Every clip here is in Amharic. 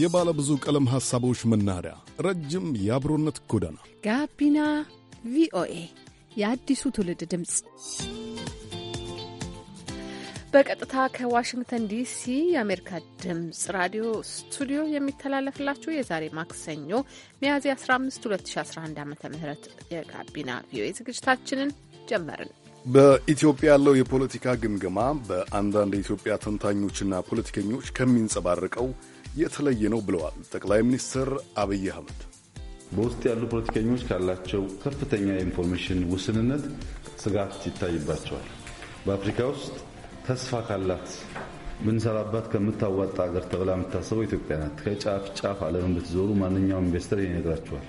የባለ ብዙ ቀለም ሐሳቦች መናኸሪያ፣ ረጅም የአብሮነት ጎዳና፣ ጋቢና ቪኦኤ የአዲሱ ትውልድ ድምፅ በቀጥታ ከዋሽንግተን ዲሲ የአሜሪካ ድምፅ ራዲዮ ስቱዲዮ የሚተላለፍላችሁ የዛሬ ማክሰኞ ሚያዝያ 15 2011 ዓ ም የጋቢና ቪኦኤ ዝግጅታችንን ጀመርን። በኢትዮጵያ ያለው የፖለቲካ ግምገማ በአንዳንድ የኢትዮጵያ ተንታኞችና ፖለቲከኞች ከሚንጸባረቀው የተለየ ነው ብለዋል ጠቅላይ ሚኒስትር አብይ አህመድ። በውስጥ ያሉ ፖለቲከኞች ካላቸው ከፍተኛ የኢንፎርሜሽን ውስንነት ስጋት ይታይባቸዋል። በአፍሪካ ውስጥ ተስፋ ካላት ብንሰራባት ከምታዋጣ ሀገር ተብላ የምታሰበው ኢትዮጵያ ናት። ከጫፍ ጫፍ ዓለምን ብትዞሩ ማንኛውም ኢንቨስተር ይነግራቸዋል።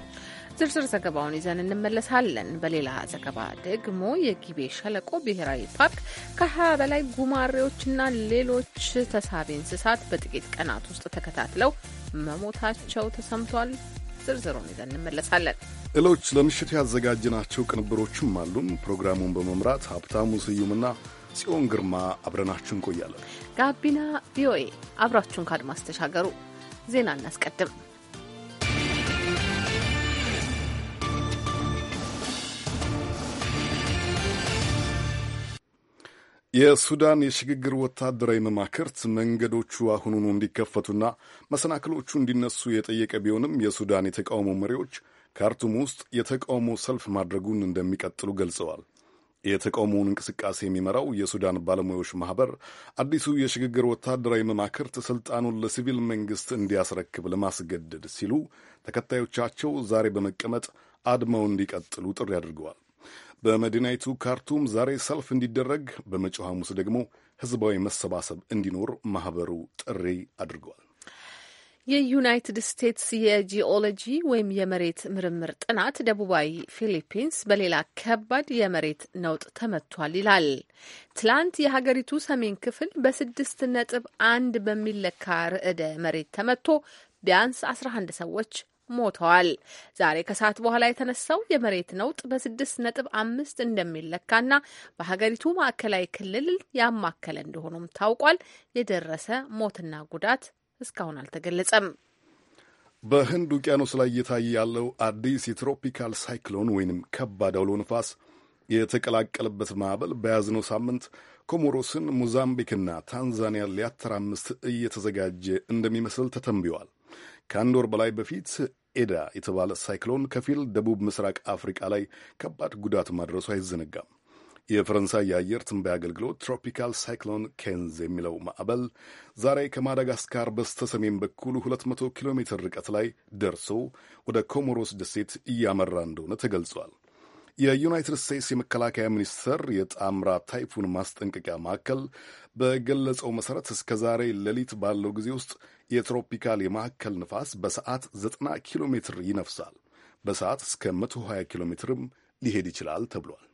ዝርዝር ዘገባውን ይዘን እንመለሳለን። በሌላ ዘገባ ደግሞ የጊቤ ሸለቆ ብሔራዊ ፓርክ ከሀያ በላይ ጉማሬዎችና ሌሎች ተሳቢ እንስሳት በጥቂት ቀናት ውስጥ ተከታትለው መሞታቸው ተሰምቷል። ዝርዝሩን ይዘን እንመለሳለን። እሎች ለምሽት ያዘጋጅናቸው ቅንብሮችም አሉን። ፕሮግራሙን በመምራት ሀብታሙ ስዩምና ጽዮን ግርማ አብረናችሁ እንቆያለን። ጋቢና ቪኦኤ አብራችሁን ከአድማስ ተሻገሩ። ዜና እናስቀድም። የሱዳን የሽግግር ወታደራዊ መማክርት መንገዶቹ አሁኑኑ እንዲከፈቱና መሰናክሎቹ እንዲነሱ የጠየቀ ቢሆንም የሱዳን የተቃውሞ መሪዎች ካርቱም ውስጥ የተቃውሞ ሰልፍ ማድረጉን እንደሚቀጥሉ ገልጸዋል። የተቃውሞውን እንቅስቃሴ የሚመራው የሱዳን ባለሙያዎች ማህበር አዲሱ የሽግግር ወታደራዊ መማክርት ሥልጣኑን ለሲቪል መንግስት እንዲያስረክብ ለማስገደድ ሲሉ ተከታዮቻቸው ዛሬ በመቀመጥ አድማው እንዲቀጥሉ ጥሪ አድርገዋል። በመዲናይቱ ካርቱም ዛሬ ሰልፍ እንዲደረግ፣ በመጪው ሐሙስ ደግሞ ህዝባዊ መሰባሰብ እንዲኖር ማህበሩ ጥሪ አድርገዋል። የዩናይትድ ስቴትስ የጂኦሎጂ ወይም የመሬት ምርምር ጥናት ደቡባዊ ፊሊፒንስ በሌላ ከባድ የመሬት ነውጥ ተመቷል ይላል። ትላንት የሀገሪቱ ሰሜን ክፍል በስድስት ነጥብ አንድ በሚለካ ርዕደ መሬት ተመቶ ቢያንስ አስራ አንድ ሰዎች ሞተዋል። ዛሬ ከሰዓት በኋላ የተነሳው የመሬት ነውጥ በስድስት ነጥብ አምስት እንደሚለካና በሀገሪቱ ማዕከላዊ ክልል ያማከለ እንደሆኑም ታውቋል። የደረሰ ሞትና ጉዳት እስካሁን አልተገለጸም። በህንድ ውቅያኖስ ላይ እየታየ ያለው አዲስ የትሮፒካል ሳይክሎን ወይንም ከባድ አውሎ ንፋስ የተቀላቀለበት ማዕበል በያዝነው ሳምንት ኮሞሮስን፣ ሞዛምቢክና ታንዛኒያን ሊያተራምስ እየተዘጋጀ እንደሚመስል ተተንብዋል። ከአንድ ወር በላይ በፊት ኤዳ የተባለ ሳይክሎን ከፊል ደቡብ ምስራቅ አፍሪቃ ላይ ከባድ ጉዳት ማድረሱ አይዘነጋም። የፈረንሳይ የአየር ትንበያ አገልግሎት ትሮፒካል ሳይክሎን ኬንዝ የሚለው ማዕበል ዛሬ ከማዳጋስካር በስተ ሰሜን በኩል 200 ኪሎ ሜትር ርቀት ላይ ደርሶ ወደ ኮሞሮስ ደሴት እያመራ እንደሆነ ተገልጿል። የዩናይትድ ስቴትስ የመከላከያ ሚኒስቴር የጣምራ ታይፉን ማስጠንቀቂያ ማዕከል በገለጸው መሠረት እስከ ዛሬ ሌሊት ባለው ጊዜ ውስጥ የትሮፒካል የማዕከል ንፋስ በሰዓት 90 ኪሎ ሜትር ይነፍሳል። በሰዓት እስከ 120 ኪሎ ሜትርም ሊሄድ ይችላል ተብሏል።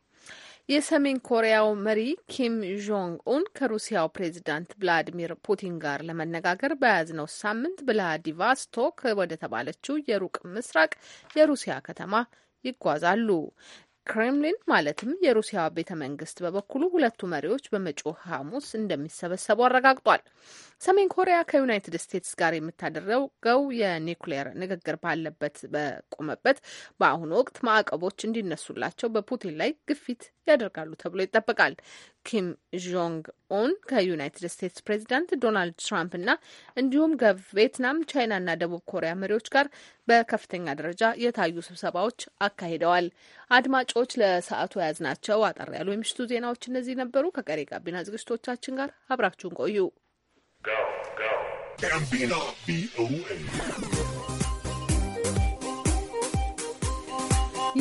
የሰሜን ኮሪያው መሪ ኪም ጆንግ ኡን ከሩሲያው ፕሬዚዳንት ቭላዲሚር ፑቲን ጋር ለመነጋገር በያዝነው ሳምንት ብላዲቫስቶክ ወደ ተባለችው የሩቅ ምስራቅ የሩሲያ ከተማ ይጓዛሉ። ክሬምሊን ማለትም የሩሲያ ቤተ መንግስት በበኩሉ ሁለቱ መሪዎች በመጪው ሐሙስ እንደሚሰበሰቡ አረጋግጧል። ሰሜን ኮሪያ ከዩናይትድ ስቴትስ ጋር የምታደረገው የኒውክሌር ንግግር ባለበት በቆመበት በአሁኑ ወቅት ማዕቀቦች እንዲነሱላቸው በፑቲን ላይ ግፊት ያደርጋሉ ተብሎ ይጠበቃል። ኪም ጆንግ ኦን ከዩናይትድ ስቴትስ ፕሬዚዳንት ዶናልድ ትራምፕ እና እንዲሁም ከቪየትናም፣ ቻይናና ደቡብ ኮሪያ መሪዎች ጋር በከፍተኛ ደረጃ የታዩ ስብሰባዎች አካሂደዋል። አድማጮች፣ ለሰዓቱ የያዝናቸው አጠር ያሉ የምሽቱ ዜናዎች እነዚህ ነበሩ። ከቀሪ ጋቢና ዝግጅቶቻችን ጋር አብራችሁን ቆዩ።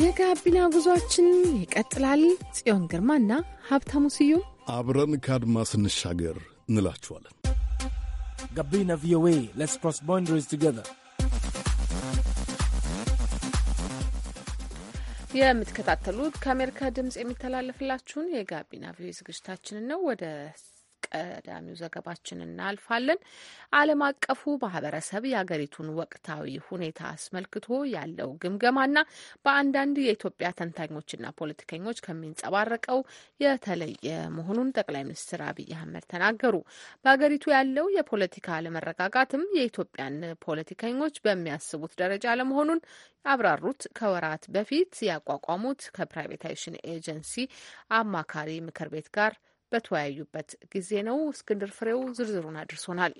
የጋቢና ጉዟችን ይቀጥላል። ጽዮን ግርማና ሀብታሙ ስዩም አብረን ከአድማ ስንሻገር እንላችኋለን። ጋቢና ቪኦኤ ሌትስ ክሮስ ቦንደሪስ ቱጌዘር የምትከታተሉት ከአሜሪካ ድምፅ የሚተላለፍላችሁን የጋቢና ቪኦኤ ዝግጅታችንን ነው። ወደ ቀዳሚው ዘገባችን እናልፋለን። ዓለም አቀፉ ማህበረሰብ የሀገሪቱን ወቅታዊ ሁኔታ አስመልክቶ ያለው ግምገማና በአንዳንድ የኢትዮጵያ ተንታኞችና ፖለቲከኞች ከሚንጸባረቀው የተለየ መሆኑን ጠቅላይ ሚኒስትር አብይ አህመድ ተናገሩ። በሀገሪቱ ያለው የፖለቲካ አለመረጋጋትም የኢትዮጵያን ፖለቲከኞች በሚያስቡት ደረጃ አለመሆኑን አብራሩት። ከወራት በፊት ያቋቋሙት ከፕራይቬታይሽን ኤጀንሲ አማካሪ ምክር ቤት ጋር በተወያዩበት ጊዜ ነው። እስክንድር ፍሬው ዝርዝሩን አድርሶናል።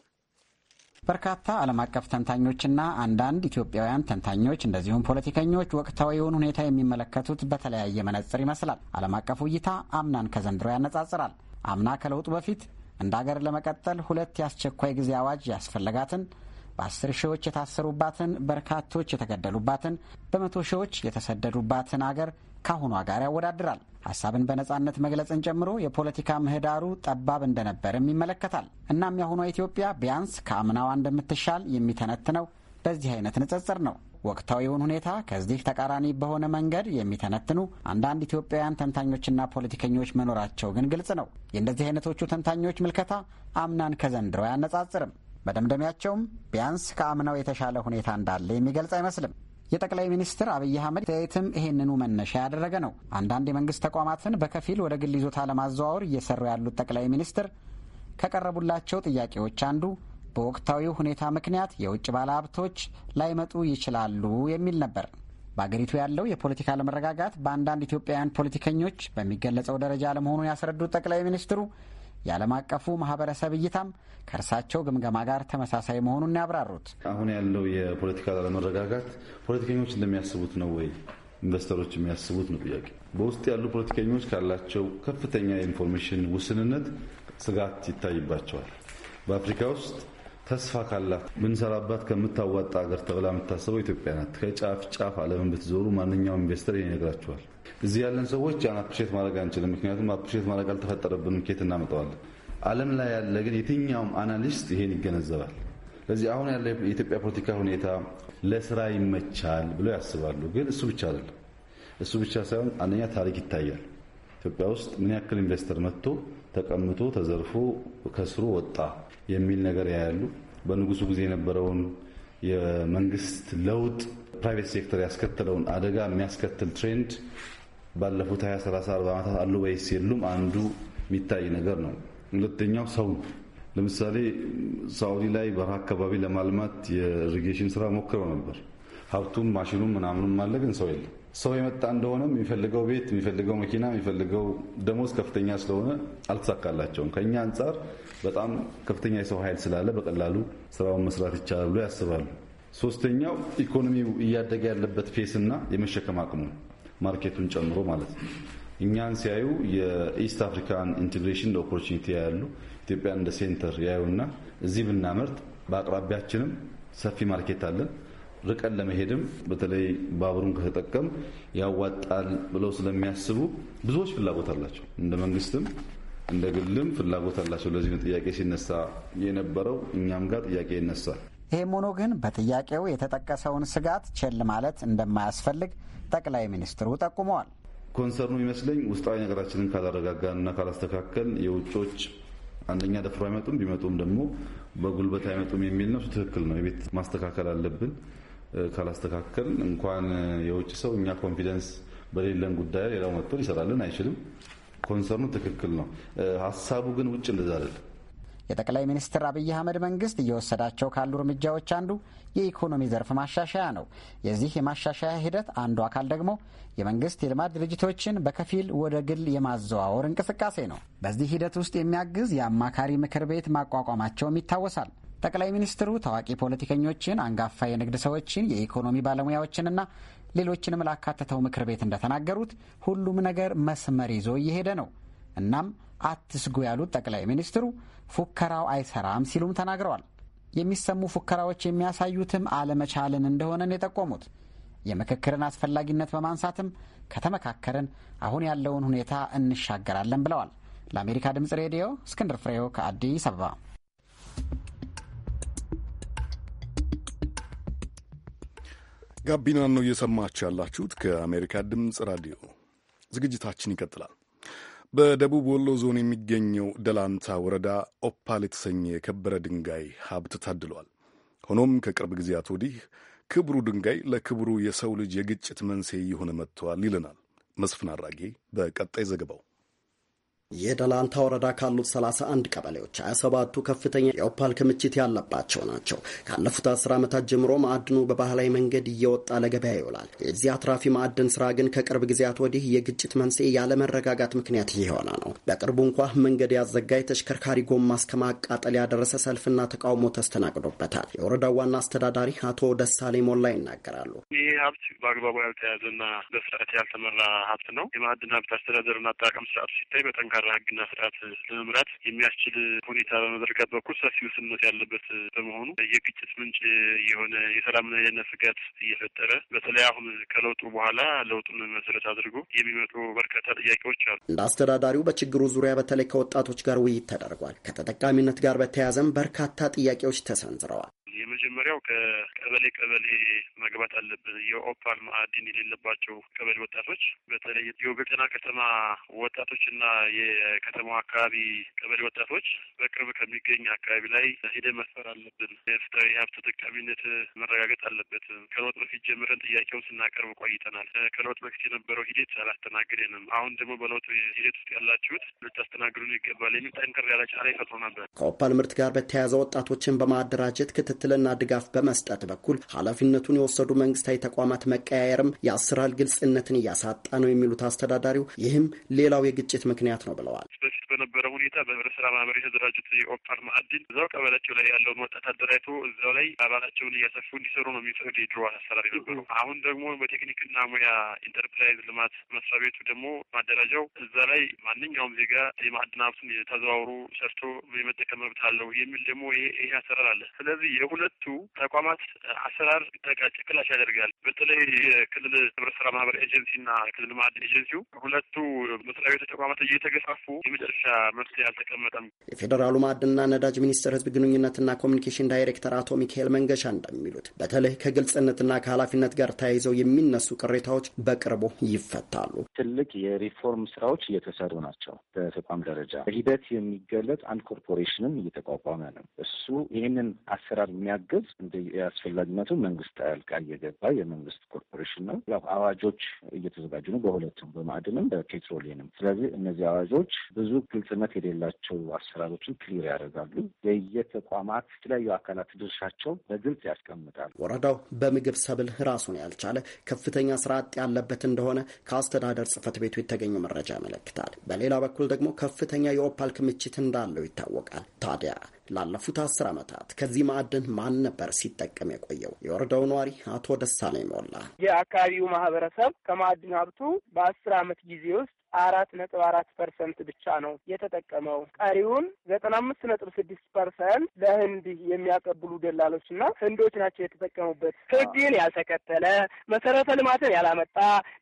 በርካታ ዓለም አቀፍ ተንታኞችና አንዳንድ ኢትዮጵያውያን ተንታኞች እንደዚሁም ፖለቲከኞች ወቅታዊውን ሁኔታ የሚመለከቱት በተለያየ መነጽር ይመስላል። ዓለም አቀፉ እይታ አምናን ከዘንድሮ ያነጻጽራል። አምና ከለውጡ በፊት እንደ አገር ለመቀጠል ሁለት የአስቸኳይ ጊዜ አዋጅ ያስፈለጋትን በአስር ሺዎች የታሰሩባትን በርካቶች የተገደሉባትን በመቶ ሺዎች የተሰደዱባትን አገር ከአሁኗ ጋር ያወዳድራል። ሀሳብን በነጻነት መግለጽን ጨምሮ የፖለቲካ ምህዳሩ ጠባብ እንደነበርም ይመለከታል። እናም የአሁኗ ኢትዮጵያ ቢያንስ ከአምናዋ እንደምትሻል የሚተነትነው በዚህ አይነት ንጽጽር ነው። ወቅታዊውን ሁኔታ ከዚህ ተቃራኒ በሆነ መንገድ የሚተነትኑ አንዳንድ ኢትዮጵያውያን ተንታኞችና ፖለቲከኞች መኖራቸው ግን ግልጽ ነው። የእንደዚህ አይነቶቹ ተንታኞች ምልከታ አምናን ከዘንድሮ አያነጻጽርም። መደምደሚያቸውም ቢያንስ ከአምናው የተሻለ ሁኔታ እንዳለ የሚገልጽ አይመስልም። የጠቅላይ ሚኒስትር አብይ አህመድ አስተያየትም ይህንኑ መነሻ ያደረገ ነው። አንዳንድ የመንግስት ተቋማትን በከፊል ወደ ግል ይዞታ ለማዘዋወር እየሰሩ ያሉት ጠቅላይ ሚኒስትር ከቀረቡላቸው ጥያቄዎች አንዱ በወቅታዊ ሁኔታ ምክንያት የውጭ ባለሀብቶች ላይመጡ ይችላሉ የሚል ነበር። በአገሪቱ ያለው የፖለቲካ አለመረጋጋት በአንዳንድ ኢትዮጵያውያን ፖለቲከኞች በሚገለጸው ደረጃ አለመሆኑን ያስረዱት ጠቅላይ ሚኒስትሩ የዓለም አቀፉ ማህበረሰብ እይታም ከእርሳቸው ግምገማ ጋር ተመሳሳይ መሆኑን ያብራሩት አሁን ያለው የፖለቲካ አለመረጋጋት ፖለቲከኞች እንደሚያስቡት ነው ወይ ኢንቨስተሮች የሚያስቡት ነው ጥያቄ። በውስጥ ያሉ ፖለቲከኞች ካላቸው ከፍተኛ የኢንፎርሜሽን ውስንነት ስጋት ይታይባቸዋል። በአፍሪካ ውስጥ ተስፋ ካላት ብንሰራባት ከምታዋጣ ሀገር ተብላ የምታስበው ኢትዮጵያ ናት። ከጫፍ ጫፍ ዓለምን ብትዞሩ ማንኛውም ኢንቨስተር ይነግራቸዋል። እዚህ ያለን ሰዎች ያን አፕሪሼት ማድረግ አንችልም፣ ምክንያቱም አፕሪሼት ማድረግ አልተፈጠረብንም። ኬት እናመጣዋለን? ዓለም ላይ ያለ ግን የትኛውም አናሊስት ይሄን ይገነዘባል። ስለዚህ አሁን ያለ የኢትዮጵያ ፖለቲካ ሁኔታ ለስራ ይመቻል ብለው ያስባሉ። ግን እሱ ብቻ አይደለም። እሱ ብቻ ሳይሆን አንደኛ ታሪክ ይታያል። ኢትዮጵያ ውስጥ ምን ያክል ኢንቨስተር መጥቶ ተቀምጦ ተዘርፎ ከስሩ ወጣ የሚል ነገር ያያሉ። በንጉሱ ጊዜ የነበረውን የመንግስት ለውጥ ፕራይቬት ሴክተር ያስከተለውን አደጋ የሚያስከትል ትሬንድ ባለፉት 20 30 40 ዓመታት አሉ ወይስ የሉም? አንዱ የሚታይ ነገር ነው። ሁለተኛው ሰው ነው። ለምሳሌ ሳኡዲ ላይ በረሃ አካባቢ ለማልማት የኢሪጌሽን ስራ ሞክረው ነበር። ሀብቱም ማሽኑም ምናምኑም አለ፣ ግን ሰው የለም። ሰው የመጣ እንደሆነ የሚፈልገው ቤት፣ የሚፈልገው መኪና፣ የሚፈልገው ደሞዝ ከፍተኛ ስለሆነ አልተሳካላቸውም። ከእኛ አንጻር በጣም ከፍተኛ የሰው ኃይል ስላለ በቀላሉ ስራውን መስራት ይቻላል ብሎ ያስባሉ። ሶስተኛው ኢኮኖሚው እያደገ ያለበት ፌስና እና የመሸከም አቅሙ ማርኬቱን ጨምሮ ማለት ነው። እኛን ሲያዩ የኢስት አፍሪካን ኢንቴግሬሽን ኦፖርቹኒቲ ያሉ ኢትዮጵያን እንደ ሴንተር ያዩና እዚህ ብናመርት በአቅራቢያችንም ሰፊ ማርኬት አለን ርቀን ለመሄድም በተለይ ባቡሩን ከተጠቀም ያዋጣል ብለው ስለሚያስቡ ብዙዎች ፍላጎት አላቸው። እንደ መንግስትም እንደ ግልም ፍላጎት አላቸው። ለዚህ ጥያቄ ሲነሳ የነበረው እኛም ጋር ጥያቄ ይነሳል። ይህም ሆኖ ግን በጥያቄው የተጠቀሰውን ስጋት ቸል ማለት እንደማያስፈልግ ጠቅላይ ሚኒስትሩ ጠቁመዋል። ኮንሰርኑ ይመስለኝ ውስጣዊ ነገራችንን ካላረጋጋንና ካላስተካከል የውጮች አንደኛ ደፍሮ አይመጡም፣ ቢመጡም ደግሞ በጉልበት አይመጡም የሚል ነው። ትክክል ነው። የቤት ማስተካከል አለብን። ካላስተካከል እንኳን የውጭ ሰው እኛ ኮንፊደንስ በሌለን ጉዳይ ሌላው መጥቶ ሊሰራልን አይችልም። ኮንሰርኑ ትክክል ነው። ሀሳቡ ግን ውጭ እንደዛ አይደለም። የጠቅላይ ሚኒስትር አብይ አህመድ መንግስት እየወሰዳቸው ካሉ እርምጃዎች አንዱ የኢኮኖሚ ዘርፍ ማሻሻያ ነው። የዚህ የማሻሻያ ሂደት አንዱ አካል ደግሞ የመንግስት የልማት ድርጅቶችን በከፊል ወደ ግል የማዘዋወር እንቅስቃሴ ነው። በዚህ ሂደት ውስጥ የሚያግዝ የአማካሪ ምክር ቤት ማቋቋማቸውም ይታወሳል። ጠቅላይ ሚኒስትሩ ታዋቂ ፖለቲከኞችን፣ አንጋፋ የንግድ ሰዎችን፣ የኢኮኖሚ ባለሙያዎችንና ሌሎችንም ላካተተው ምክር ቤት እንደተናገሩት ሁሉም ነገር መስመር ይዞ እየሄደ ነው። እናም አትስጉ ያሉት ጠቅላይ ሚኒስትሩ ፉከራው አይሰራም ሲሉም ተናግረዋል። የሚሰሙ ፉከራዎች የሚያሳዩትም አለመቻልን እንደሆነን የጠቆሙት የምክክርን አስፈላጊነት በማንሳትም ከተመካከርን አሁን ያለውን ሁኔታ እንሻገራለን ብለዋል። ለአሜሪካ ድምፅ ሬዲዮ እስክንድር ፍሬው ከአዲስ አበባ ጋቢናን ነው እየሰማችሁ ያላችሁት ከአሜሪካ ድምፅ ራዲዮ። ዝግጅታችን ይቀጥላል። በደቡብ ወሎ ዞን የሚገኘው ደላንታ ወረዳ ኦፓል የተሰኘ የከበረ ድንጋይ ሀብት ታድሏል። ሆኖም ከቅርብ ጊዜያት ወዲህ ክብሩ ድንጋይ ለክብሩ የሰው ልጅ የግጭት መንስኤ እየሆነ መጥተዋል ይለናል መስፍን አራጌ በቀጣይ ዘገባው። የደላንታ ወረዳ ካሉት 31 ቀበሌዎች 27ቱ ከፍተኛ የኦፓል ክምችት ያለባቸው ናቸው። ካለፉት 10 ዓመታት ጀምሮ ማዕድኑ በባህላዊ መንገድ እየወጣ ለገበያ ይውላል። የዚህ አትራፊ ማዕድን ስራ ግን ከቅርብ ጊዜያት ወዲህ የግጭት መንስኤ ያለመረጋጋት ምክንያት እየሆነ ነው። በቅርቡ እንኳ መንገድ ያዘጋ የተሽከርካሪ ጎማ እስከ ማቃጠል ያደረሰ ሰልፍና ተቃውሞ ተስተናግዶበታል። የወረዳው ዋና አስተዳዳሪ አቶ ደሳሌ ሞላ ይናገራሉ። ይህ ሀብት በአግባቡ ያልተያዘና በስርዓት ያልተመራ ሀብት ነው። የማዕድን ሀብት አስተዳደርና አጠቃቀም ስርዓቱ ሲታይ በጠንካ ጠንካራ ህግና ስርዓት ለመምራት የሚያስችል ሁኔታ በመዘርጋት በኩል ሰፊ ውስንነት ያለበት በመሆኑ የግጭት ምንጭ የሆነ የሰላምና የደህንነት ስጋት እየፈጠረ በተለይ አሁን ከለውጡ በኋላ ለውጡን መሰረት አድርጎ የሚመጡ በርካታ ጥያቄዎች አሉ። እንደ አስተዳዳሪው በችግሩ ዙሪያ በተለይ ከወጣቶች ጋር ውይይት ተደርጓል። ከተጠቃሚነት ጋር በተያያዘም በርካታ ጥያቄዎች ተሰንዝረዋል። የመጀመሪያው ከቀበሌ ቀበሌ መግባት አለብን። የኦፓል ማዕድን የሌለባቸው ቀበሌ ወጣቶች በተለይ የወገጤና ከተማ ወጣቶች እና የከተማው አካባቢ ቀበሌ ወጣቶች በቅርብ ከሚገኝ አካባቢ ላይ ሂደ መስፈር አለብን። የፍትሐዊ ሀብት ተጠቃሚነት መረጋገጥ አለበት። ከለውጥ በፊት ጀምረን ጥያቄውን ስናቀርብ ቆይተናል። ከለውጥ በፊት የነበረው ሂደት አላስተናገደንም አሁን ደግሞ በለውጥ ሂደት ውስጥ ያላችሁት ልታስተናግዱን ይገባል የሚል ጠንከር ያለ ጫና ይፈጥሮ ነበር። ከኦፓል ምርት ጋር በተያያዘ ወጣቶችን በማደራጀት ክትትል ክትትልና ድጋፍ በመስጠት በኩል ኃላፊነቱን የወሰዱ መንግስታዊ ተቋማት መቀያየርም የአሰራር ግልጽነትን እያሳጣ ነው የሚሉት አስተዳዳሪው ይህም ሌላው የግጭት ምክንያት ነው ብለዋል። በፊት በነበረ ሁኔታ በህብረት ስራ ማህበር የተደራጁት የኦፓር ማዕድን እዛው ቀበላቸው ላይ ያለውን ወጣት አደራጅቶ እዛው ላይ አባላቸውን እያሰፉ እንዲሰሩ ነው የሚፈቅድ የድሮ አሰራር የነበረው። አሁን ደግሞ በቴክኒክና ሙያ ኢንተርፕራይዝ ልማት መስሪያ ቤቱ ደግሞ ማደራጃው እዛ ላይ ማንኛውም ዜጋ የማዕድን ሀብቱን ተዘዋውሮ ሰርቶ የመጠቀም መብት አለው የሚል ደግሞ ይሄ አሰራር አለ። ስለዚህ የሁለቱ ተቋማት አሰራር ጭቅላሽ ያደርጋል። በተለይ የክልል ህብረት ስራ ማህበር ኤጀንሲና ክልል ማዕድ ኤጀንሲው ሁለቱ መስሪያ ቤቶች ተቋማት እየተገፋፉ የመጨረሻ መፍትሄ አልተቀመጠም። የፌዴራሉ ማዕድና ነዳጅ ሚኒስቴር ህዝብ ግንኙነትና ኮሚኒኬሽን ዳይሬክተር አቶ ሚካኤል መንገሻ እንደሚሉት በተለይ ከግልጽነትና ከኃላፊነት ጋር ተያይዘው የሚነሱ ቅሬታዎች በቅርቡ ይፈታሉ። ትልቅ የሪፎርም ስራዎች እየተሰሩ ናቸው። በተቋም ደረጃ በሂደት የሚገለጥ አንድ ኮርፖሬሽንም እየተቋቋመ ነው። እሱ ይህንን አሰራር የሚያግዝ እንደ አስፈላጊነቱ መንግስት ጣልቃ እየገባ የመንግስት ኮርፖሬሽን ነው። ያው አዋጆች እየተዘጋጁ ነው፣ በሁለቱም በማዕድንም በፔትሮሊየንም። ስለዚህ እነዚህ አዋጆች ብዙ ግልጽነት የሌላቸው አሰራሮችን ክሊር ያደርጋሉ። የየተቋማት የተለያዩ አካላት ድርሻቸው በግልጽ ያስቀምጣል። ወረዳው በምግብ ሰብል ራሱን ያልቻለ ከፍተኛ ስራ አጥ ያለበት እንደሆነ ከአስተዳደር ጽህፈት ቤቱ የተገኘ መረጃ ያመለክታል። በሌላ በኩል ደግሞ ከፍተኛ የኦፓል ክምችት እንዳለው ይታወቃል። ታዲያ ላለፉት አስር ዓመታት ከዚህ ማዕድን ማን ነበር ሲጠቀም የቆየው? የወረዳው ነዋሪ አቶ ደሳለኝ ይሞላ። የአካባቢው ማህበረሰብ ከማዕድን ሀብቱ በአስር ዓመት ጊዜ ውስጥ አራት ነጥብ አራት ፐርሰንት ብቻ ነው የተጠቀመው። ቀሪውን ዘጠና አምስት ነጥብ ስድስት ፐርሰንት ለህንድ የሚያቀብሉ ደላሎችና ህንዶች ናቸው የተጠቀሙበት። ህግን ያልተከተለ መሰረተ ልማትን ያላመጣ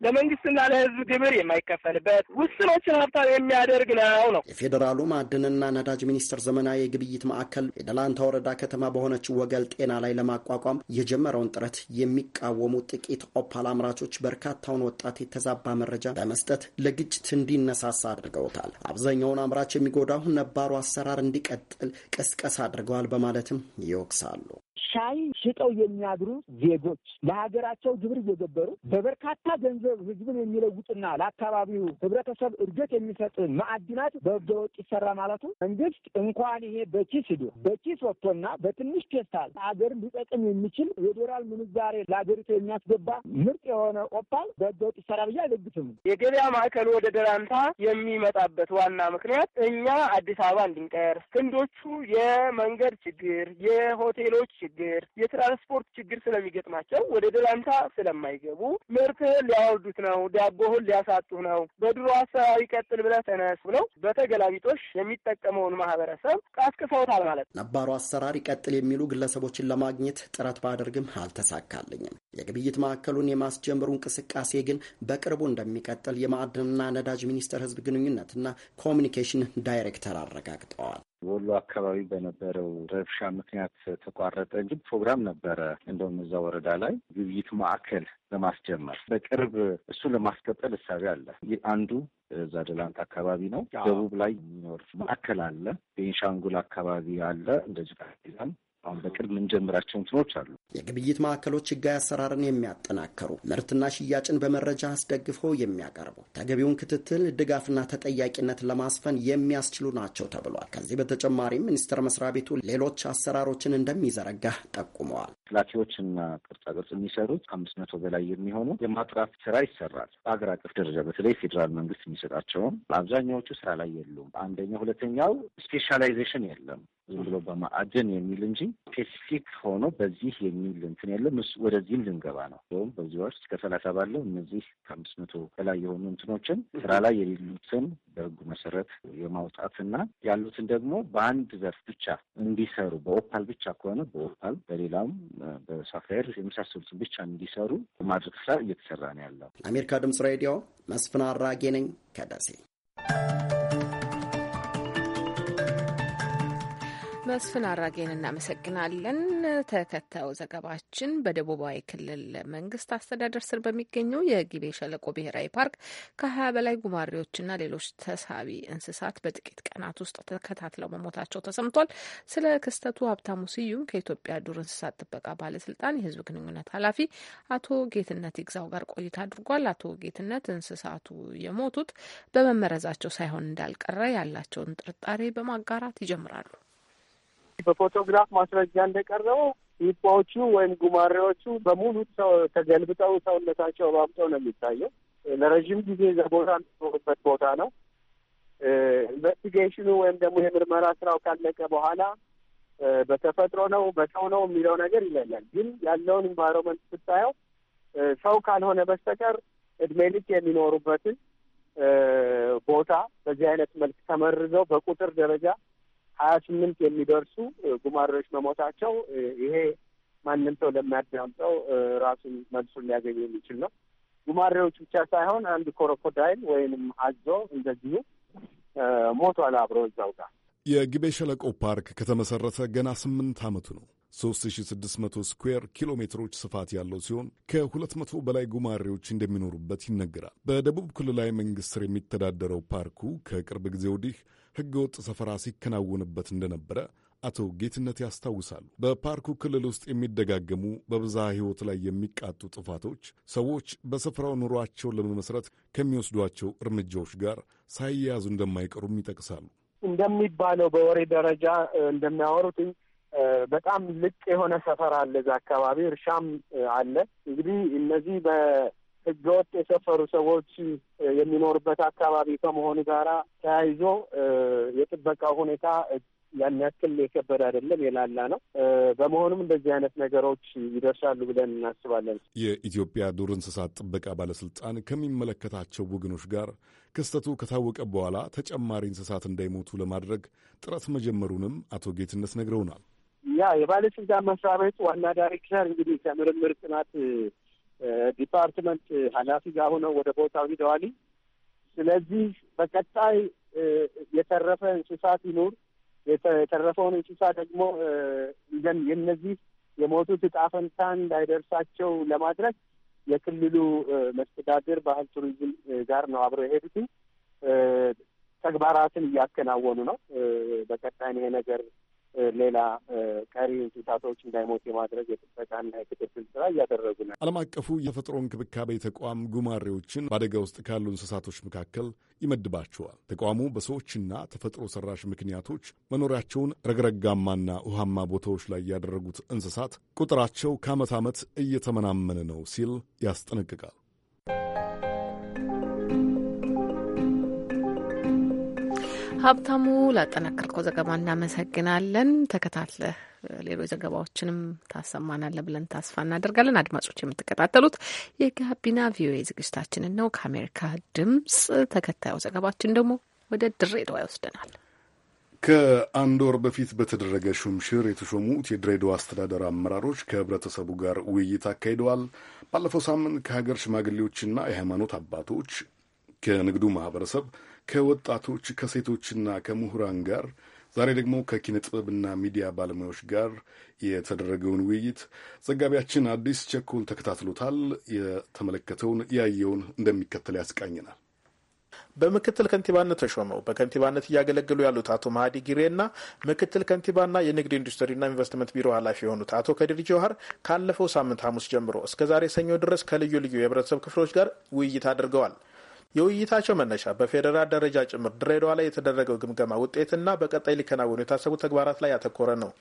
ለመንግስትና ለህዝብ ግብር የማይከፈልበት ውስኖችን ሀብታም የሚያደርግ ነው ነው የፌዴራሉ ማዕድንና ነዳጅ ሚኒስቴር ዘመናዊ የግብይት ማዕከል የደላንታ ወረዳ ከተማ በሆነችው ወገል ጤና ላይ ለማቋቋም የጀመረውን ጥረት የሚቃወሙ ጥቂት ኦፓል አምራቾች በርካታውን ወጣት የተዛባ መረጃ በመስጠት ለግጭ ምርት እንዲነሳሳ አድርገውታል። አብዛኛውን አምራች የሚጎዳው ነባሩ አሰራር እንዲቀጥል ቅስቀሳ አድርገዋል በማለትም ይወቅሳሉ። ሻይ ሽጠው የሚያድሩ ዜጎች ለሀገራቸው ግብር እየገበሩ በበርካታ ገንዘብ ህዝብን የሚለውጥና ለአካባቢው ህብረተሰብ እድገት የሚሰጥ ማዕድናት በህገወጥ ይሰራ ማለቱ መንግስት እንኳን ይሄ በኪስ ሂዶ በኪስ ወጥቶና በትንሽ ፔስታል ሀገር ሊጠቅም የሚችል የዶላር ምንዛሬ ለሀገሪቱ የሚያስገባ ምርጥ የሆነ ኦፓል በህገወጥ ይሰራ ብዬ አይደግፍም። የገበያ ማዕከል ወደ ደራንታ የሚመጣበት ዋና ምክንያት እኛ አዲስ አበባ እንድንቀር ህንዶቹ የመንገድ ችግር የሆቴሎች ችግር፣ የትራንስፖርት ችግር ስለሚገጥማቸው ወደ ደላንታ ስለማይገቡ ምርትህን ሊያወርዱት ነው፣ ዳቦህን ሊያሳጡህ ነው፣ በድሮ አሰራር ይቀጥል ብለህ ተነስ ብለው በተገላቢጦሽ የሚጠቀመውን ማህበረሰብ ቀስቅሰውታል ማለት ነው። ነባሩ አሰራር ይቀጥል የሚሉ ግለሰቦችን ለማግኘት ጥረት ባደርግም አልተሳካልኝም። የግብይት ማዕከሉን የማስጀመሩ እንቅስቃሴ ግን በቅርቡ እንደሚቀጥል የማዕድንና ነዳጅ ሚኒስቴር ህዝብ ግንኙነትና ኮሚኒኬሽን ዳይሬክተር አረጋግጠዋል። ወሎ አካባቢ በነበረው ረብሻ ምክንያት ተቋረጠ እንጂ ፕሮግራም ነበረ። እንደውም እዛ ወረዳ ላይ ግብይት ማዕከል ለማስጀመር በቅርብ እሱ ለማስቀጠል እሳቤ አለ። አንዱ እዛ ደላንት አካባቢ ነው። ደቡብ ላይ የሚኖር ማዕከል አለ። ቤንሻንጉል አካባቢ አለ። እንደዚህ ጋዜጣም አሁን በቅርብ የምንጀምራቸው እንትኖች አሉ። የግብይት ማዕከሎች ሕጋዊ አሰራርን የሚያጠናከሩ ምርትና ሽያጭን በመረጃ አስደግፈው የሚያቀርቡ ተገቢውን ክትትል ድጋፍና ተጠያቂነት ለማስፈን የሚያስችሉ ናቸው ተብሏል። ከዚህ በተጨማሪም ሚኒስቴር መስሪያ ቤቱ ሌሎች አሰራሮችን እንደሚዘረጋ ጠቁመዋል። ላኪዎችና ቅርጻቅርጽ የሚሰሩት ከአምስት መቶ በላይ የሚሆኑ የማጥራት ስራ ይሰራል። በሀገር አቀፍ ደረጃ በተለይ ፌዴራል መንግስት የሚሰጣቸውም አብዛኛዎቹ ስራ ላይ የሉም። አንደኛው ሁለተኛው ስፔሻላይዜሽን የለም። ዝም ብሎ በማዕድን የሚል እንጂ ስፔሲፊክ ሆኖ በዚህ የሚል እንትን የለም። ወደዚህም ልንገባ ነው። ወይም በዚህ ወር እስከ ሰላሳ ባለው እነዚህ ከአምስት መቶ በላይ የሆኑ እንትኖችን ስራ ላይ የሌሉትን በህጉ መሰረት የማውጣትና ያሉትን ደግሞ በአንድ ዘርፍ ብቻ እንዲሰሩ በኦፓል ብቻ ከሆነ በኦፓል በሌላም በሳፋየር የመሳሰሉትን ብቻ እንዲሰሩ ማድረግ ስራ እየተሰራ ነው ያለው። ለአሜሪካ ድምጽ ሬዲዮ መስፍን አራጌ ነኝ ከደሴ። መስፍን አራጌን እናመሰግናለን። ተከታዩ ዘገባችን በደቡባዊ ክልል መንግስት አስተዳደር ስር በሚገኘው የጊቤ ሸለቆ ብሔራዊ ፓርክ ከሀያ በላይ ጉማሬዎችና ሌሎች ተሳቢ እንስሳት በጥቂት ቀናት ውስጥ ተከታትለው መሞታቸው ተሰምቷል። ስለ ክስተቱ ሀብታሙ ስዩም ከኢትዮጵያ ዱር እንስሳት ጥበቃ ባለስልጣን የህዝብ ግንኙነት ኃላፊ አቶ ጌትነት ይግዛው ጋር ቆይታ አድርጓል። አቶ ጌትነት እንስሳቱ የሞቱት በመመረዛቸው ሳይሆን እንዳልቀረ ያላቸውን ጥርጣሬ በማጋራት ይጀምራሉ። በፎቶግራፍ ማስረጃ እንደቀረበው ኢፖዎቹ ወይም ጉማሬዎቹ በሙሉ ሰው ተገልብጠው ሰውነታቸው ባብጠው ነው የሚታየው። ለረዥም ጊዜ ዘቦታ የሚኖሩበት ቦታ ነው። ኢንቨስቲጌሽኑ ወይም ደግሞ የምርመራ ስራው ካለቀ በኋላ በተፈጥሮ ነው በሰው ነው የሚለው ነገር ይለያል። ግን ያለውን ኢንቫይሮመንት ስታየው ሰው ካልሆነ በስተቀር እድሜ ልክ የሚኖሩበትን ቦታ በዚህ አይነት መልክ ተመርዘው በቁጥር ደረጃ ሀያ ስምንት የሚደርሱ ጉማሬዎች መሞታቸው ይሄ ማንም ሰው ለሚያዳምጠው ራሱን መልሱን ሊያገኝ የሚችል ነው። ጉማሬዎች ብቻ ሳይሆን አንድ ኮሮኮዳይል ወይንም አዞ እንደዚሁ ሞቷል አብሮ እዛው ጋር። የግቤ ሸለቆ ፓርክ ከተመሰረተ ገና ስምንት ዓመቱ ነው። 3600 ስኩዌር ኪሎ ሜትሮች ስፋት ያለው ሲሆን ከ200 በላይ ጉማሬዎች እንደሚኖሩበት ይነገራል። በደቡብ ክልላዊ መንግሥት ስር የሚተዳደረው ፓርኩ ከቅርብ ጊዜ ወዲህ ሕገወጥ ሰፈራ ሲከናወንበት እንደነበረ አቶ ጌትነት ያስታውሳሉ። በፓርኩ ክልል ውስጥ የሚደጋገሙ በብዝሃ ሕይወት ላይ የሚቃጡ ጥፋቶች ሰዎች በስፍራው ኑሯቸውን ለመመስረት ከሚወስዷቸው እርምጃዎች ጋር ሳይያያዙ እንደማይቀሩም ይጠቅሳሉ። እንደሚባለው በወሬ ደረጃ እንደሚያወሩት በጣም ልቅ የሆነ ሰፈር አለ። እዛ አካባቢ እርሻም አለ። እንግዲህ እነዚህ በህገወጥ የሰፈሩ ሰዎች የሚኖሩበት አካባቢ ከመሆኑ ጋራ ተያይዞ የጥበቃ ሁኔታ ያን ያክል የከበደ አይደለም፣ የላላ ነው። በመሆኑም እንደዚህ አይነት ነገሮች ይደርሳሉ ብለን እናስባለን። የኢትዮጵያ ዱር እንስሳት ጥበቃ ባለስልጣን ከሚመለከታቸው ወገኖች ጋር ክስተቱ ከታወቀ በኋላ ተጨማሪ እንስሳት እንዳይሞቱ ለማድረግ ጥረት መጀመሩንም አቶ ጌትነት ነግረውናል። ያ የባለስልጣን መስሪያ ቤቱ ዋና ዳይሬክተር እንግዲህ ከምርምር ጥናት ዲፓርትመንት ኃላፊ ጋር ሆነው ወደ ቦታው ሂደዋል። ስለዚህ በቀጣይ የተረፈ እንስሳት ይኑር የተረፈውን እንስሳ ደግሞ የነዚህ የሞቱት ዕጣ ፈንታ እንዳይደርሳቸው ለማድረግ የክልሉ መስተዳድር ባህል ቱሪዝም ጋር ነው አብረው የሄዱት። ተግባራትን እያከናወኑ ነው። በቀጣይ ይሄ ነገር ሌላ ቀሪ እንስሳቶች እንዳይሞት የማድረግ የጥበቃና የክትትል ስራ እያደረጉ ነው። ዓለም አቀፉ የተፈጥሮ እንክብካቤ ተቋም ጉማሬዎችን በአደጋ ውስጥ ካሉ እንስሳቶች መካከል ይመድባቸዋል። ተቋሙ በሰዎችና ተፈጥሮ ሰራሽ ምክንያቶች መኖሪያቸውን ረግረጋማና ውሃማ ቦታዎች ላይ ያደረጉት እንስሳት ቁጥራቸው ከዓመት ዓመት እየተመናመነ ነው ሲል ያስጠነቅቃል። ሀብታሙ፣ ላጠናከርከው ዘገባ እናመሰግናለን። ተከታትለህ ሌሎች ዘገባዎችንም ታሰማናለ ብለን ተስፋ እናደርጋለን። አድማጮች የምትከታተሉት የጋቢና ቪኦኤ ዝግጅታችንን ነው ከአሜሪካ ድምጽ። ተከታዩ ዘገባችን ደግሞ ወደ ድሬዳዋ ይወስደናል። ከአንድ ወር በፊት በተደረገ ሹምሽር የተሾሙት የድሬዳዋ አስተዳደር አመራሮች ከህብረተሰቡ ጋር ውይይት አካሂደዋል። ባለፈው ሳምንት ከሀገር ሽማግሌዎችና የሃይማኖት አባቶች ከንግዱ ማህበረሰብ ከወጣቶች ከሴቶችና ከምሁራን ጋር ዛሬ ደግሞ ከኪነ ጥበብና ሚዲያ ባለሙያዎች ጋር የተደረገውን ውይይት ዘጋቢያችን አዲስ ቸኮል ተከታትሎታል። የተመለከተውን ያየውን እንደሚከተል ያስቃኝናል። በምክትል ከንቲባነት ተሾመው በከንቲባነት እያገለገሉ ያሉት አቶ ማህዲ ጊሬና ምክትል ከንቲባና የንግድ ኢንዱስትሪና ኢንቨስትመንት ቢሮ ኃላፊ የሆኑት አቶ ከድር ጀውሀር ካለፈው ሳምንት ሐሙስ ጀምሮ እስከ ዛሬ ሰኞ ድረስ ከልዩ ልዩ የህብረተሰብ ክፍሎች ጋር ውይይት አድርገዋል። የውይይታቸው መነሻ በፌዴራል ደረጃ ጭምር ድሬዳዋ ላይ የተደረገው ግምገማ ውጤትና በቀጣይ ሊከናወኑ የታሰቡ ተግባራት ላይ ያተኮረ ነው።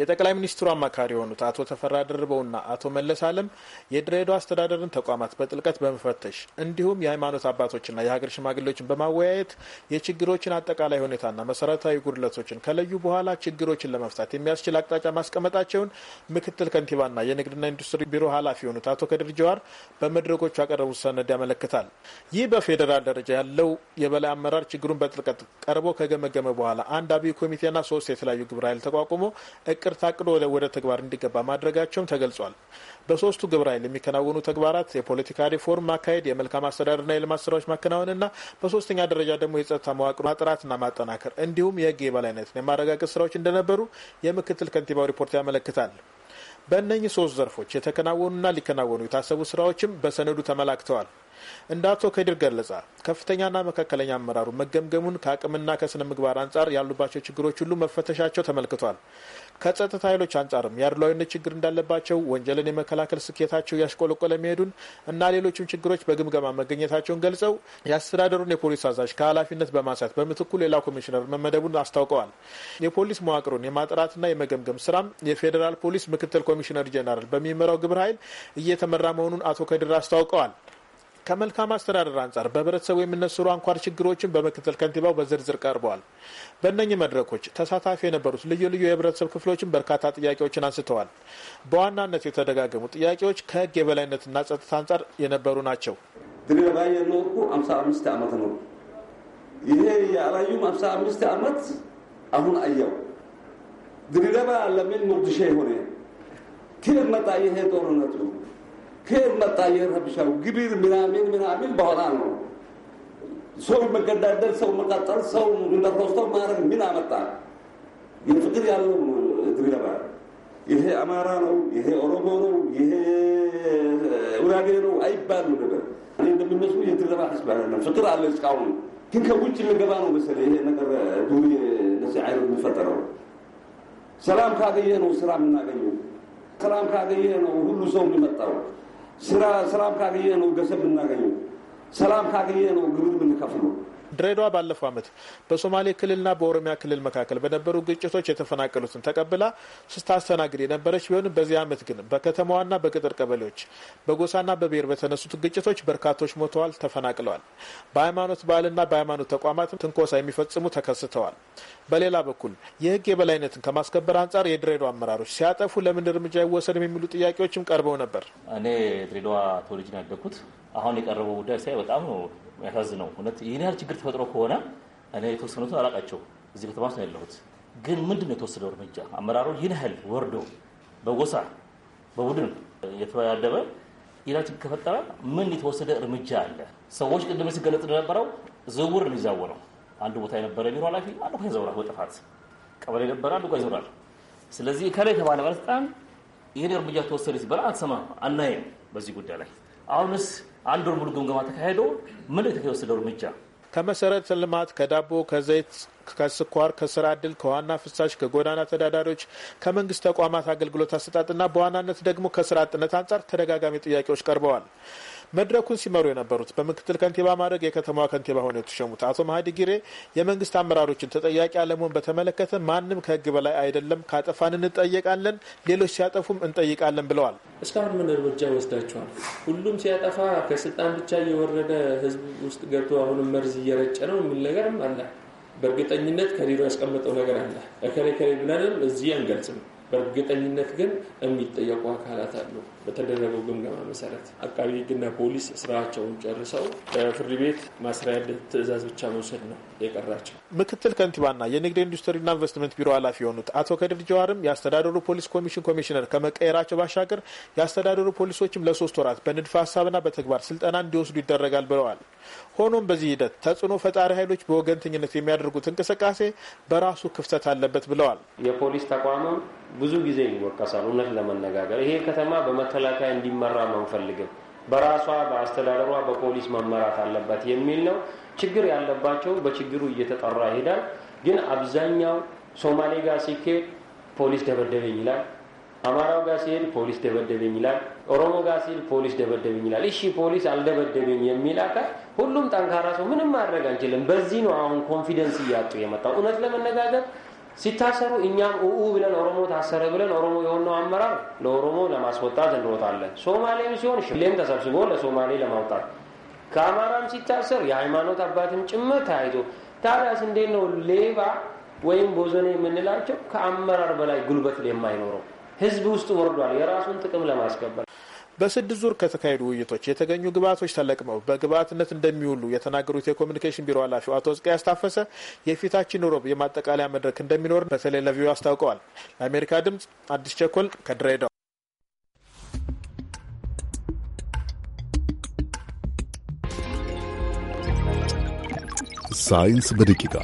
የጠቅላይ ሚኒስትሩ አማካሪ የሆኑት አቶ ተፈራ ድርበውና አቶ መለስ አለም የድሬዳዋ አስተዳደርን ተቋማት በጥልቀት በመፈተሽ እንዲሁም የሃይማኖት አባቶችና የሀገር ሽማግሌዎችን በማወያየት የችግሮችን አጠቃላይ ሁኔታና መሰረታዊ ጉድለቶችን ከለዩ በኋላ ችግሮችን ለመፍታት የሚያስችል አቅጣጫ ማስቀመጣቸውን ምክትል ከንቲባና የንግድና ኢንዱስትሪ ቢሮ ኃላፊ የሆኑት አቶ ከድር ጀዋር በመድረኮቹ ያቀረቡት ሰነድ ያመለክታል። ይህ በፌዴራል ደረጃ ያለው የበላይ አመራር ችግሩን በጥልቀት ቀርቦ ከገመገመ በኋላ አንድ አብይ ኮሚቴና ሶስት የተለያዩ ግብረ ኃይል ተቋቁሞ እቅድ ታቅዶ ወደ ተግባር እንዲገባ ማድረጋቸውም ተገልጿል። በሶስቱ ግብረ ኃይል የሚከናወኑ ተግባራት የፖለቲካ ሪፎርም ማካሄድ፣ የመልካም አስተዳደርና የልማት ስራዎች ማከናወንና በሶስተኛ ደረጃ ደግሞ የጸጥታ መዋቅር ማጥራትና ማጠናከር እንዲሁም የህግ የበላይነትን የማረጋገጥ ስራዎች እንደነበሩ የምክትል ከንቲባው ሪፖርት ያመለክታል። በእነኚህ ሶስት ዘርፎች የተከናወኑና ሊከናወኑ የታሰቡ ስራዎችም በሰነዱ ተመላክተዋል። እንደ አቶ ከድር ገለጻ ከፍተኛና መካከለኛ አመራሩ መገምገሙን ከአቅምና ከስነ ምግባር አንጻር ያሉባቸው ችግሮች ሁሉ መፈተሻቸው ተመልክቷል። ከጸጥታ ኃይሎች አንጻርም የአድሏዊነት ችግር እንዳለባቸው፣ ወንጀልን የመከላከል ስኬታቸው እያሽቆለቆለ መሄዱን እና ሌሎችም ችግሮች በግምገማ መገኘታቸውን ገልጸው የአስተዳደሩን የፖሊስ አዛዥ ከኃላፊነት በማንሳት በምትኩ ሌላ ኮሚሽነር መመደቡን አስታውቀዋል። የፖሊስ መዋቅሩን የማጥራትና የመገምገም ስራም የፌዴራል ፖሊስ ምክትል ኮሚሽነር ጄኔራል በሚመራው ግብረ ኃይል እየተመራ መሆኑን አቶ ከድር አስታውቀዋል። ከመልካም አስተዳደር አንጻር በህብረተሰቡ የሚነስሩ አንኳር ችግሮችን በምክትል ከንቲባው በዝርዝር ቀርበዋል። በእነኚህ መድረኮች ተሳታፊ የነበሩት ልዩ ልዩ የህብረተሰብ ክፍሎችን በርካታ ጥያቄዎችን አንስተዋል። በዋናነት የተደጋገሙ ጥያቄዎች ከህግ የበላይነትና ጸጥታ አንጻር የነበሩ ናቸው። ድሬዳዋ የኖርኩ አምሳ አምስት ዓመት ነው። ይሄ የአላዩም አምሳ አምስት ዓመት አሁን አየው ድሬዳዋ ለምን ሞርድሻ የሆነ ትልመጣ መጣ ይሄ ጦርነቱ ከየት መጣ የረብሻው ግብር ምናምን ምናምን በኋላ ነው ሰው መገዳደል፣ ሰው መቃጠል፣ ሰው እንደሮስተው ማድረግ ምን አመጣ? የፍቅር ያለው ድብደባ ይሄ አማራ ነው፣ ይሄ ኦሮሞ ነው፣ ይሄ ውራጌ ነው አይባሉ ነበር። እኔ እንደሚመስሉ የድብደባ ህዝብ አይደለም፣ ፍቅር አለ እስካሁን። ግን ከውጭ ልገባ ነው መሰለኝ ይሄ ነገር ዱሪ ነዚ አይነት የሚፈጠረው። ሰላም ካገኘ ነው ስራ የምናገኘው። ሰላም ካገኘ ነው ሁሉ ሰው የሚመጣው። ስራ ካገኘ ነው ገንዘብ ብናገኘው ሰላም ካገኘ ነው ግብር ብንከፍለው። ድሬዳዋ ባለፈው ዓመት በሶማሌ ክልልና በኦሮሚያ ክልል መካከል በነበሩ ግጭቶች የተፈናቀሉትን ተቀብላ ስታስተናግድ የነበረች ቢሆንም በዚህ ዓመት ግን በከተማዋና በቅጥር ቀበሌዎች በጎሳና በብሔር በተነሱት ግጭቶች በርካቶች ሞተዋል፣ ተፈናቅለዋል። በሃይማኖት በዓልና በሃይማኖት ተቋማት ትንኮሳ የሚፈጽሙ ተከስተዋል። በሌላ በኩል የህግ የበላይነትን ከማስከበር አንጻር የድሬዳዋ አመራሮች ሲያጠፉ ለምን እርምጃ ይወሰድ የሚሉ ጥያቄዎችም ቀርበው ነበር። እኔ ድሬዳዋ ተወልጄ ነው ያደግኩት። አሁን የቀረበው ጉዳይ ሳይ በጣም ነው የሚያሳዝነው እውነት ይህን ያህል ችግር ተፈጥሮ ከሆነ እኔ የተወሰኑትን አላቃቸው እዚህ ከተማ ውስጥ ነው ያለሁት። ግን ምንድን ነው የተወሰደው እርምጃ? አመራሩን ይህን ያህል ወርዶ በጎሳ በቡድን የተደበደበ ይህን ችግር ከፈጠረ ምን የተወሰደ እርምጃ አለ? ሰዎች ቅድም ሲገለጽ እንደነበረው ዝውውር ነው ይዛወረው። አንዱ ቦታ የነበረ ቢሮ ኃላፊ አንዱ ቦታ ይዘውራል። በጥፋት ቀበሌ የነበረ አንዱ ቦታ ይዘውራል። ስለዚህ ከላይ የተባለ ባለስልጣን ይህን እርምጃ ተወሰደ ሲባል አትሰማ አናይም በዚህ ጉዳይ ላይ አሁንስ አንድ ወር ሙሉ ግምገማ ተካሄደው ምን የተወሰደው እርምጃ ከመሰረተ ልማት፣ ከዳቦ፣ ከዘይት፣ ከስኳር፣ ከስራ እድል፣ ከዋና ፍሳሽ፣ ከጎዳና ተዳዳሪዎች፣ ከመንግስት ተቋማት አገልግሎት አሰጣጥና በዋናነት ደግሞ ከስራ አጥነት አንጻር ተደጋጋሚ ጥያቄዎች ቀርበዋል። መድረኩን ሲመሩ የነበሩት በምክትል ከንቲባ ማድረግ የከተማዋ ከንቲባ ሆነው የተሸሙት አቶ መሀዲ ጊሬ የመንግስት አመራሮችን ተጠያቂ አለመሆን በተመለከተ ማንም ከህግ በላይ አይደለም፣ ካጠፋን እንጠየቃለን፣ ሌሎች ሲያጠፉም እንጠይቃለን ብለዋል። እስካሁን ምን እርምጃ ወስዳችኋል? ሁሉም ሲያጠፋ ከስልጣን ብቻ እየወረደ ህዝብ ውስጥ ገብቶ አሁንም መርዝ እየረጨ ነው የሚል ነገርም አለ። በእርግጠኝነት ከሌሎ ያስቀመጠው ነገር አለ። እከሌ ከሌ ብለንም እዚህ አንገልጽም። በእርግጠኝነት ግን የሚጠየቁ አካላት አሉ። በተደረገው ግምገማ መሰረት አቃቢ ሕግና ፖሊስ ስራቸውን ጨርሰው በፍርድ ቤት ማስሪያ ትእዛዝ ብቻ መውሰድ ነው የቀራቸው። ምክትል ከንቲባና የንግድ ኢንዱስትሪና ኢንቨስትመንት ቢሮ ኃላፊ የሆኑት አቶ ከድር ጀዋርም የአስተዳደሩ ፖሊስ ኮሚሽን ኮሚሽነር ከመቀየራቸው ባሻገር የአስተዳደሩ ፖሊሶችም ለሶስት ወራት በንድፈ ሀሳብና በተግባር ስልጠና እንዲወስዱ ይደረጋል ብለዋል። ሆኖም በዚህ ሂደት ተጽዕኖ ፈጣሪ ኃይሎች በወገንተኝነት የሚያደርጉት እንቅስቃሴ በራሱ ክፍተት አለበት ብለዋል። የፖሊስ ተቋምም ብዙ ጊዜ ይወቀሳል። እውነት ለመነጋገር ይሄ ከተማ መከላከያ እንዲመራ ነው አንፈልግም። በራሷ በአስተዳደሯ በፖሊስ መመራት አለባት የሚል ነው። ችግር ያለባቸው በችግሩ እየተጠራ ይሄዳል። ግን አብዛኛው ሶማሌ ጋር ሲኬድ ፖሊስ ደበደበኝ ይላል። አማራው ጋር ሲሄድ ፖሊስ ደበደበኝ ይላል። ኦሮሞ ጋር ሲሄድ ፖሊስ ደበደበኝ ይላል። እሺ ፖሊስ አልደበደበኝ የሚል አካል ሁሉም ጠንካራ ሰው ምንም ማድረግ አንችልም። በዚህ ነው አሁን ኮንፊደንስ እያጡ የመጣው እውነት ለመነጋገር ሲታሰሩ እኛም ኡኡ ብለን ኦሮሞ ታሰረ ብለን ኦሮሞ የሆነው አመራር ለኦሮሞ ለማስወጣት እንሮጣለን። ሶማሌም ሲሆን ሽሌም ተሰብስቦ ለሶማሌ ለማውጣት ከአማራም ሲታሰር የሃይማኖት አባትም ጭምር ተያይዞ ታዲያስ እንዴት ነው ሌባ ወይም ቦዘኔ የምንላቸው ከአመራር በላይ ጉልበት የማይኖረው ህዝብ ውስጥ ወርዷል የራሱን ጥቅም ለማስከበር በስድስት ዙር ከተካሄዱ ውይይቶች የተገኙ ግብአቶች ተለቅመው በግብአትነት እንደሚውሉ የተናገሩት የኮሚኒኬሽን ቢሮ ኃላፊው አቶ ሕዝቅያስ ያስታፈሰ የፊታችን ሮብ የማጠቃለያ መድረክ እንደሚኖር በተለይ ለቪዮ አስታውቀዋል። ለአሜሪካ ድምጽ አዲስ ቸኮል ከድሬዳዋ። ሳይንስ በደቂቃ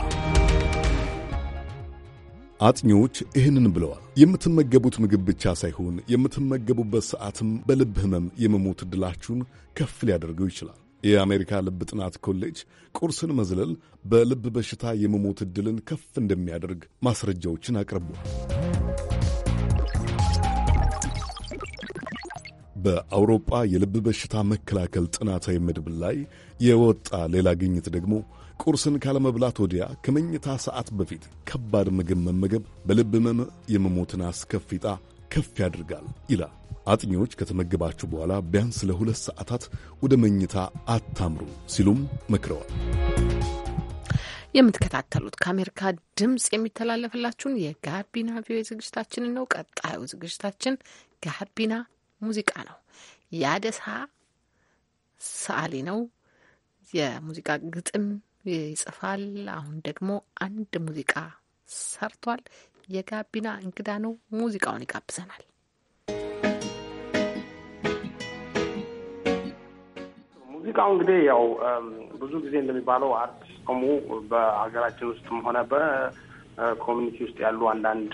አጥኚዎች ይህንን ብለዋል። የምትመገቡት ምግብ ብቻ ሳይሆን የምትመገቡበት ሰዓትም በልብ ህመም የመሞት ዕድላችሁን ከፍ ሊያደርገው ይችላል። የአሜሪካ ልብ ጥናት ኮሌጅ ቁርስን መዝለል በልብ በሽታ የመሞት ዕድልን ከፍ እንደሚያደርግ ማስረጃዎችን አቅርቧል። በአውሮጳ የልብ በሽታ መከላከል ጥናታዊ ምድብ ላይ የወጣ ሌላ ግኝት ደግሞ ቁርስን ካለመብላት ወዲያ ከመኝታ ሰዓት በፊት ከባድ ምግብ መመገብ በልብ ህመም የመሞትን አስከፊ ከፍ ያደርጋል ይላል። አጥኚዎች ከተመገባችሁ በኋላ ቢያንስ ለሁለት ሰዓታት ወደ መኝታ አታምሩ ሲሉም መክረዋል። የምትከታተሉት ከአሜሪካ ድምፅ የሚተላለፍላችሁን የጋቢና ቪኦኤ ዝግጅታችንን ነው። ቀጣዩ ዝግጅታችን ጋቢና ሙዚቃ ነው። ያደሳ ሰዓሊ ነው። የሙዚቃ ግጥም ይጽፋል። አሁን ደግሞ አንድ ሙዚቃ ሰርቷል። የጋቢና እንግዳ ነው። ሙዚቃውን ይጋብዘናል። ሙዚቃው እንግዲህ ያው ብዙ ጊዜ እንደሚባለው አርት ቆሙ በሀገራችን ውስጥም ሆነ በኮሚኒቲ ውስጥ ያሉ አንዳንድ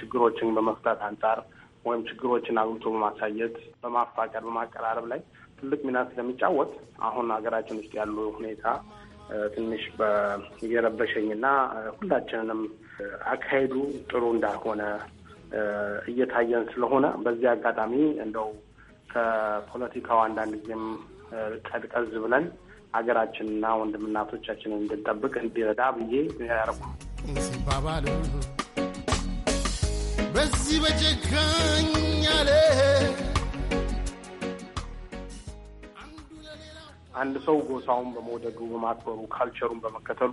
ችግሮችን በመፍታት አንጻር ወይም ችግሮችን አጉልቶ በማሳየት በማፋቀር፣ በማቀራረብ ላይ ትልቅ ሚና ስለሚጫወት አሁን ሀገራችን ውስጥ ያሉ ሁኔታ ትንሽ ና ሁላችንንም አካሄዱ ጥሩ እንዳልሆነ እየታየን ስለሆነ በዚህ አጋጣሚ እንደው ከፖለቲካው አንዳንድ ጊዜም ቀዝቀዝ ብለን ሀገራችንና ወንድምናቶቻችንን እንድንጠብቅ እንዲረዳ ብዬ ያረጉ ሲባባል በዚህ በጨካኝ አለ አንድ ሰው ጎሳውን በመውደዱ በማክበሩ ካልቸሩን በመከተሉ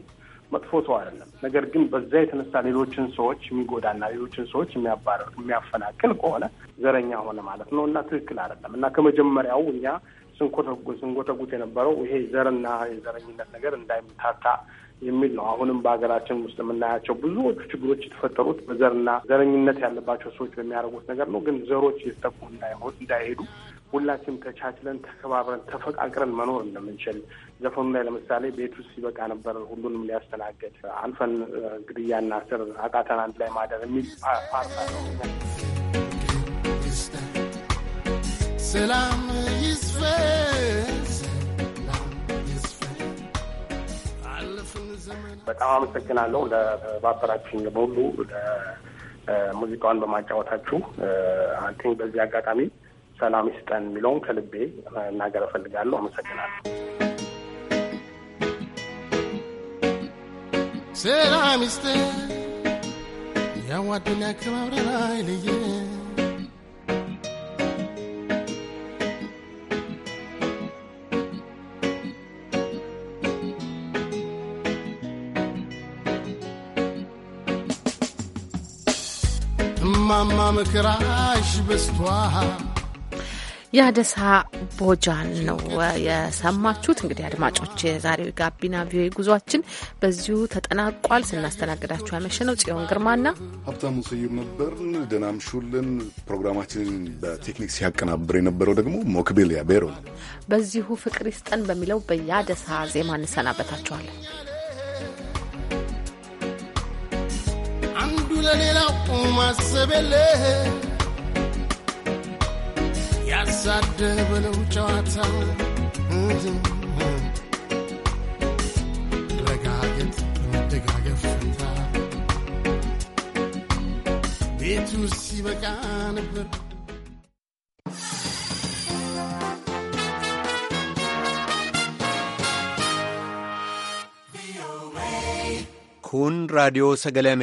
መጥፎ ሰው አይደለም። ነገር ግን በዛ የተነሳ ሌሎችን ሰዎች የሚጎዳና ሌሎችን ሰዎች የሚያባረር የሚያፈናቅል ከሆነ ዘረኛ ሆነ ማለት ነው እና ትክክል አይደለም እና ከመጀመሪያው እኛ ስንጎተጉት የነበረው ይሄ ዘርና የዘረኝነት ነገር እንዳይምታታ የሚል ነው። አሁንም በሀገራችን ውስጥ የምናያቸው ብዙዎቹ ችግሮች የተፈጠሩት በዘርና ዘረኝነት ያለባቸው ሰዎች በሚያደርጉት ነገር ነው። ግን ዘሮች እየተጠቁ እንዳይሆን እንዳይሄዱ ሁላችንም ተቻችለን ተከባብረን ተፈቃቅረን መኖር እንደምንችል ዘፈኑ ላይ ለምሳሌ ቤት ውስጥ ሲበቃ ነበር ሁሉንም ሊያስተናገድ አልፈን ግድያና ስር አቃተን አንድ ላይ ማደር የሚል ፓርታ ነው። ሰላም በጣም አመሰግናለሁ ለባበራችን በሁሉ ሙዚቃውን በማጫወታችሁ አንቴ በዚህ አጋጣሚ ሰላም ይስጠን የሚለውን ከልቤ እናገር እፈልጋለሁ። አመሰግናለሁ። ሰላም ይስጠን ያዋዱን ላይ ልየ ማማ ምክራሽ በስቷሃ የአደሳ ቦጃን ነው የሰማችሁት። እንግዲህ አድማጮች የዛሬው ጋቢና ቪኦኤ ጉዟችን በዚሁ ተጠናቋል። ስናስተናግዳችሁ ነው ጽዮን ግርማና ሀብታሙ ስዩም ነበርን። ደህና አምሹልን። ፕሮግራማችንን በቴክኒክ ሲያቀናብር የነበረው ደግሞ ሞክቤል ያቤሮ ነው። በዚሁ ፍቅር ይስጠን በሚለው በያደሳ ዜማ እንሰናበታችኋለን። አንዱ ለሌላው ማሰብ ያሳደበለው ጨዋታ ረጋገት መደጋገፍ ፈንታ ቤቱ ሲበቃ ነበር። Kun raadiyoo sagalee